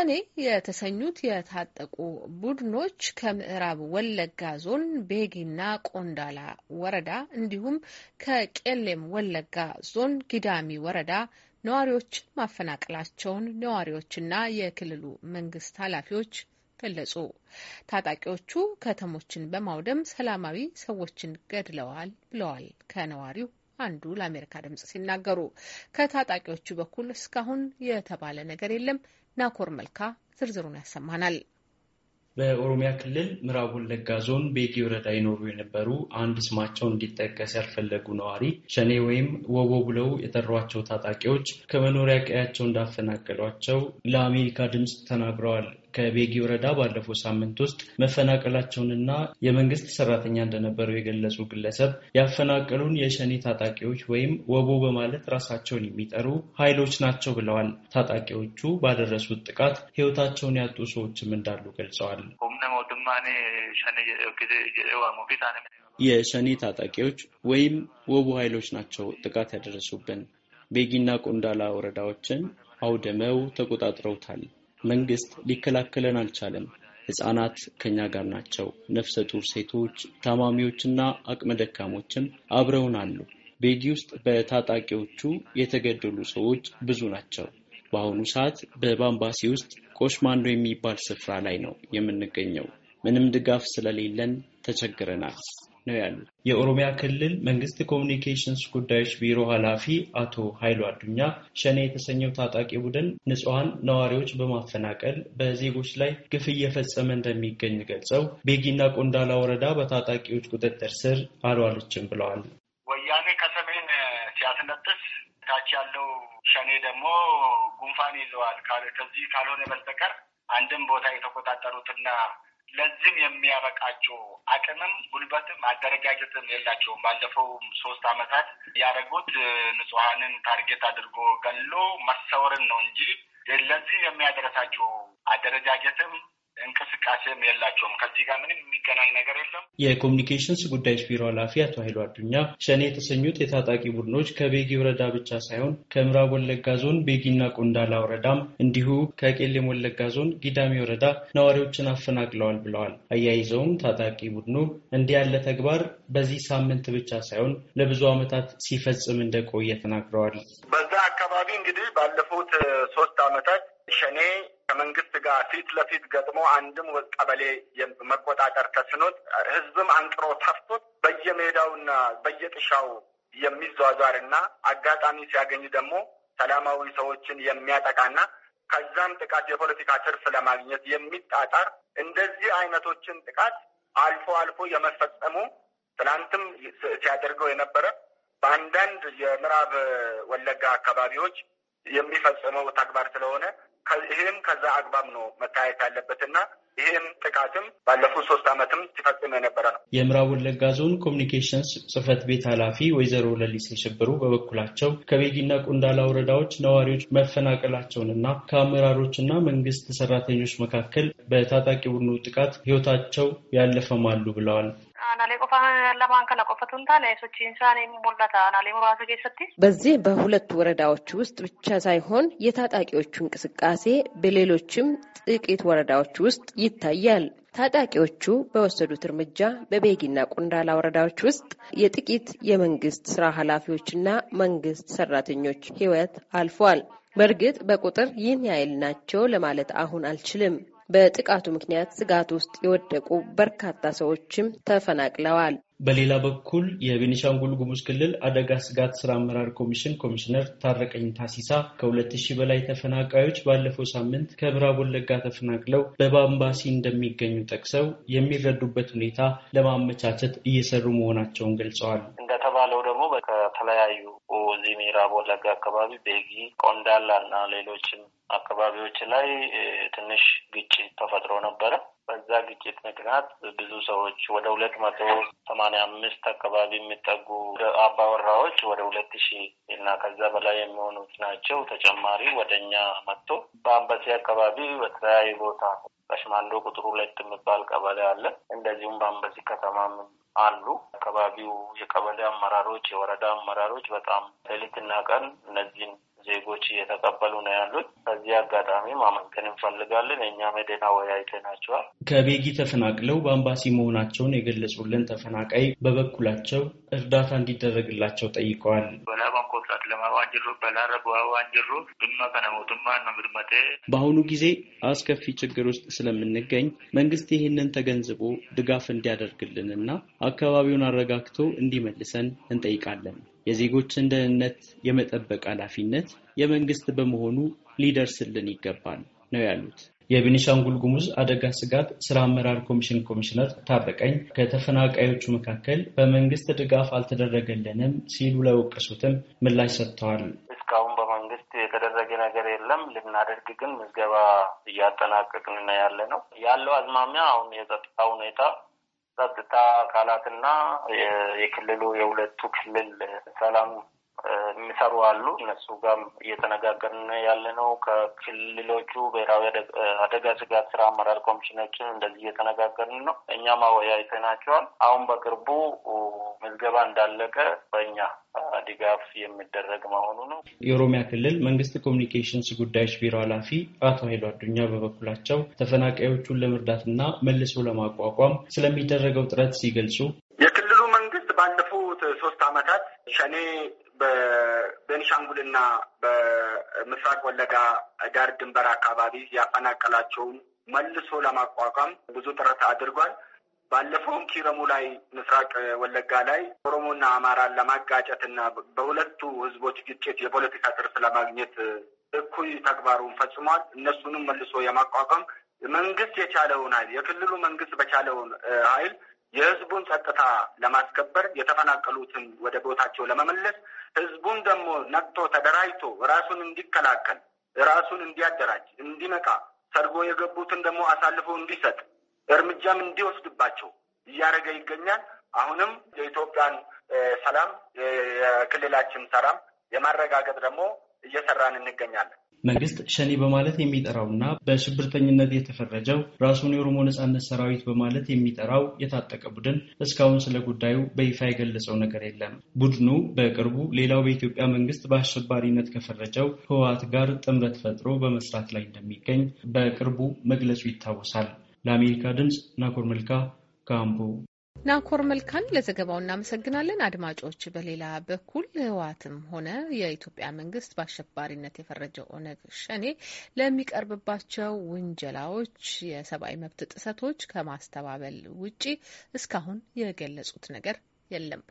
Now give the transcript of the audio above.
ሸኔ የተሰኙት የታጠቁ ቡድኖች ከምዕራብ ወለጋ ዞን ቤጊና ቆንዳላ ወረዳ እንዲሁም ከቄሌም ወለጋ ዞን ጊዳሚ ወረዳ ነዋሪዎችን ማፈናቀላቸውን ነዋሪዎችና የክልሉ መንግስት ኃላፊዎች ገለጹ። ታጣቂዎቹ ከተሞችን በማውደም ሰላማዊ ሰዎችን ገድለዋል ብለዋል ከነዋሪው አንዱ ለአሜሪካ ድምጽ ሲናገሩ ከታጣቂዎቹ በኩል እስካሁን የተባለ ነገር የለም። ናኮር መልካ ዝርዝሩን ያሰማናል። በኦሮሚያ ክልል ምዕራብ ወለጋ ዞን ቤጊ ወረዳ ይኖሩ የነበሩ አንድ ስማቸው እንዲጠቀስ ያልፈለጉ ነዋሪ ሸኔ ወይም ወቦ ብለው የጠሯቸው ታጣቂዎች ከመኖሪያ ቀያቸው እንዳፈናቀሏቸው ለአሜሪካ ድምፅ ተናግረዋል። ከቤጊ ወረዳ ባለፈው ሳምንት ውስጥ መፈናቀላቸውንና የመንግስት ሰራተኛ እንደነበረው የገለጹ ግለሰብ ያፈናቀሉን የሸኔ ታጣቂዎች ወይም ወቦ በማለት ራሳቸውን የሚጠሩ ኃይሎች ናቸው ብለዋል። ታጣቂዎቹ ባደረሱት ጥቃት ሕይወታቸውን ያጡ ሰዎችም እንዳሉ ገልጸዋል። የሸኔ ታጣቂዎች ወይም ወቡ ኃይሎች ናቸው ጥቃት ያደረሱብን። ቤጊና ቆንዳላ ወረዳዎችን አውድመው ተቆጣጥረውታል። መንግስት ሊከላከለን አልቻለም። ህጻናት ከኛ ጋር ናቸው። ነፍሰ ጡር ሴቶች፣ ታማሚዎችና አቅመ ደካሞችም አብረውን አሉ። ቤጊ ውስጥ በታጣቂዎቹ የተገደሉ ሰዎች ብዙ ናቸው። በአሁኑ ሰዓት በባምባሲ ውስጥ ቆሽማንዶ የሚባል ስፍራ ላይ ነው የምንገኘው። ምንም ድጋፍ ስለሌለን ተቸግረናል። ነው ያሉት የኦሮሚያ ክልል መንግስት ኮሚኒኬሽንስ ጉዳዮች ቢሮ ኃላፊ አቶ ኃይሉ አዱኛ ሸኔ የተሰኘው ታጣቂ ቡድን ንጹሐን ነዋሪዎች በማፈናቀል በዜጎች ላይ ግፍ እየፈጸመ እንደሚገኝ ገልጸው ቤጊና ቆንዳላ ወረዳ በታጣቂዎች ቁጥጥር ስር አልዋለችም ብለዋል። ወያኔ ከሰሜን ሲያስነጥስ ታች ያለው ሸኔ ደግሞ ጉንፋን ይዘዋል። ከዚህ ካልሆነ በስተቀር አንድም ቦታ የተቆጣጠሩትና ለዚህም የሚያበቃቸው አቅምም ጉልበትም አደረጃጀትም የላቸውም። ባለፈው ሶስት አመታት ያደረጉት ንጹሐንን ታርጌት አድርጎ ገሎ መሰወርን ነው እንጂ ለዚህ የሚያደረሳቸው አደረጃጀትም እንቅስቃሴም የላቸውም። ከዚህ ጋር ምንም የሚገናኝ ነገር የለም። የኮሚኒኬሽንስ ጉዳዮች ቢሮ ኃላፊ አቶ ኃይሉ አዱኛ ሸኔ የተሰኙት የታጣቂ ቡድኖች ከቤጊ ወረዳ ብቻ ሳይሆን ከምዕራብ ወለጋ ዞን ቤጊና ቆንዳላ ወረዳም እንዲሁ ከቄሌም ወለጋ ዞን ጊዳሚ ወረዳ ነዋሪዎችን አፈናቅለዋል ብለዋል። አያይዘውም ታጣቂ ቡድኑ እንዲህ ያለ ተግባር በዚህ ሳምንት ብቻ ሳይሆን ለብዙ ዓመታት ሲፈጽም እንደቆየ ተናግረዋል። በዛ አካባቢ እንግዲህ ባለፉት ሶስት ዓመታት ሸኔ ከመንግስት ጋር ፊት ለፊት ገጥሞ አንድም ቀበሌ መቆጣጠር ተስኖት ህዝብም አንቅሮ ተፍቶት በየሜዳውና በየጥሻው የሚዟዟርና አጋጣሚ ሲያገኝ ደግሞ ሰላማዊ ሰዎችን የሚያጠቃና ከዛም ጥቃት የፖለቲካ ትርፍ ለማግኘት የሚጣጣር እንደዚህ አይነቶችን ጥቃት አልፎ አልፎ የመፈጸሙ ትናንትም ሲያደርገው የነበረ በአንዳንድ የምዕራብ ወለጋ አካባቢዎች የሚፈጽመው ተግባር ስለሆነ ይህም ከዛ አግባብ ነው መታየት ያለበትና ይህም ጥቃትም ባለፉት ሶስት ዓመትም ሲፈጽም የነበረ ነው። የምዕራብ ወለጋ ዞን ኮሚኒኬሽንስ ጽህፈት ቤት ኃላፊ ወይዘሮ ለሊሴ ሽብሩ በበኩላቸው ከቤጊና ቁንዳላ ወረዳዎች ነዋሪዎች መፈናቀላቸውንና ከአመራሮችና መንግስት ሰራተኞች መካከል በታጣቂ ቡድኑ ጥቃት ህይወታቸው ያለፈማሉ ብለዋል። በዚህ በሁለት ወረዳዎች ውስጥ ብቻ ሳይሆን የታጣቂዎቹ እንቅስቃሴ በሌሎችም ጥቂት ወረዳዎች ውስጥ ይታያል። ታጣቂዎቹ በወሰዱት እርምጃ በቤጊና ቆንዳላ ወረዳዎች ውስጥ የጥቂት የመንግስት ስራ ኃላፊዎችና መንግስት ሰራተኞች ህይወት አልፏል። በእርግጥ በቁጥር ይህን ያህል ናቸው ለማለት አሁን አልችልም። በጥቃቱ ምክንያት ስጋት ውስጥ የወደቁ በርካታ ሰዎችም ተፈናቅለዋል። በሌላ በኩል የቤኒሻንጉል ጉሙዝ ክልል አደጋ ስጋት ስራ አመራር ኮሚሽን ኮሚሽነር ታረቀኝ ታሲሳ ከሁለት ሺህ በላይ ተፈናቃዮች ባለፈው ሳምንት ከምዕራብ ወለጋ ተፈናቅለው በባምባሲ እንደሚገኙ ጠቅሰው የሚረዱበት ሁኔታ ለማመቻቸት እየሰሩ መሆናቸውን ገልጸዋል። የተለያዩ እዚህ ምዕራብ ወለጋ አካባቢ ቤጊ፣ ቆንዳላ እና ሌሎችም አካባቢዎች ላይ ትንሽ ግጭት ተፈጥሮ ነበረ። በዛ ግጭት ምክንያት ብዙ ሰዎች ወደ ሁለት መቶ ሰማንያ አምስት አካባቢ የሚጠጉ አባወራዎች ወደ ሁለት ሺህ እና ከዛ በላይ የሚሆኑት ናቸው። ተጨማሪ ወደ እኛ መጥቶ በአምባሲ አካባቢ በተለያዩ ቦታ በሽማንዶ ቁጥር ሁለት የሚባል ቀበሌ አለ። እንደዚሁም በአምባሲ ከተማ አሉ። አካባቢው የቀበሌ አመራሮች፣ የወረዳ አመራሮች በጣም ሌሊትና ቀን እነዚህን ዜጎች እየተቀበሉ ነው ያሉት። በዚህ አጋጣሚ ማመስገን እንፈልጋለን። እኛም ሄደን አወያይተናቸዋል። ከቤጊ ተፈናቅለው በአምባሲ መሆናቸውን የገለጹልን ተፈናቃይ በበኩላቸው እርዳታ እንዲደረግላቸው ጠይቀዋል። በአሁኑ ጊዜ አስከፊ ችግር ውስጥ ስለምንገኝ መንግስት ይህንን ተገንዝቦ ድጋፍ እንዲያደርግልንና አካባቢውን አረጋግቶ እንዲመልሰን እንጠይቃለን። የዜጎችን ደህንነት የመጠበቅ ኃላፊነት የመንግስት በመሆኑ ሊደርስልን ይገባል ነው ያሉት። የቤኒሻንጉል ጉሙዝ አደጋ ስጋት ስራ አመራር ኮሚሽን ኮሚሽነር ታበቀኝ ከተፈናቃዮቹ መካከል በመንግስት ድጋፍ አልተደረገልንም ሲሉ ለወቀሱትም ምላሽ ሰጥተዋል። እስካሁን በመንግስት የተደረገ ነገር የለም። ልናደርግ ግን ምዝገባ እያጠናቀቅን ያለ ነው ያለው አዝማሚያ አሁን የጸጥታ ሁኔታ ጸጥታ አካላትና የክልሉ የሁለቱ ክልል ሰላም የሚሰሩ አሉ። እነሱ ጋር እየተነጋገርን ያለ ነው። ከክልሎቹ ብሔራዊ አደጋ ስጋት ስራ አመራር ኮሚሽኖችን እንደዚህ እየተነጋገርን ነው። እኛም አወያይተናቸዋል። አሁን በቅርቡ ምዝገባ እንዳለቀ በእኛ ድጋፍ የሚደረግ መሆኑ ነው። የኦሮሚያ ክልል መንግስት ኮሚኒኬሽንስ ጉዳዮች ቢሮ ኃላፊ አቶ ኃይሉ አዱኛ በበኩላቸው ተፈናቃዮቹን ለመርዳትና መልሶ ለማቋቋም ስለሚደረገው ጥረት ሲገልጹ የክልሉ መንግስት ባለፉት ሶስት ዓመታት ሸኔ በቤኒሻንጉልና በምስራቅ ወለጋ ዳር ድንበር አካባቢ ያፈናቀላቸውን መልሶ ለማቋቋም ብዙ ጥረት አድርጓል። ባለፈውም ኪረሙ ላይ ምስራቅ ወለጋ ላይ ኦሮሞና አማራን ለማጋጨትና በሁለቱ ህዝቦች ግጭት የፖለቲካ ትርፍ ለማግኘት እኩይ ተግባሩን ፈጽሟል። እነሱንም መልሶ የማቋቋም መንግስት የቻለውን ኃይል የክልሉ መንግስት በቻለውን ኃይል የህዝቡን ጸጥታ ለማስከበር የተፈናቀሉትን ወደ ቦታቸው ለመመለስ ህዝቡን ደግሞ ነቅቶ ተደራጅቶ ራሱን እንዲከላከል ራሱን እንዲያደራጅ እንዲነቃ ሰርጎ የገቡትን ደግሞ አሳልፎ እንዲሰጥ እርምጃም እንዲወስድባቸው እያደረገ ይገኛል። አሁንም የኢትዮጵያን ሰላም የክልላችን ሰላም የማረጋገጥ ደግሞ እየሰራን እንገኛለን። መንግስት ሸኔ በማለት የሚጠራው እና በሽብርተኝነት የተፈረጀው ራሱን የኦሮሞ ነጻነት ሰራዊት በማለት የሚጠራው የታጠቀ ቡድን እስካሁን ስለ ጉዳዩ በይፋ የገለጸው ነገር የለም። ቡድኑ በቅርቡ ሌላው በኢትዮጵያ መንግስት በአሸባሪነት ከፈረጀው ህወሓት ጋር ጥምረት ፈጥሮ በመስራት ላይ እንደሚገኝ በቅርቡ መግለጹ ይታወሳል። ለአሜሪካ ድምፅ ናኮር መልካ ካምቦ ናኮር መልካን ለዘገባው እናመሰግናለን። አድማጮች፣ በሌላ በኩል ህወሓትም ሆነ የኢትዮጵያ መንግስት በአሸባሪነት የፈረጀው ኦነግ ሸኔ ለሚቀርብባቸው ውንጀላዎች፣ የሰብአዊ መብት ጥሰቶች ከማስተባበል ውጪ እስካሁን የገለጹት ነገር የለም።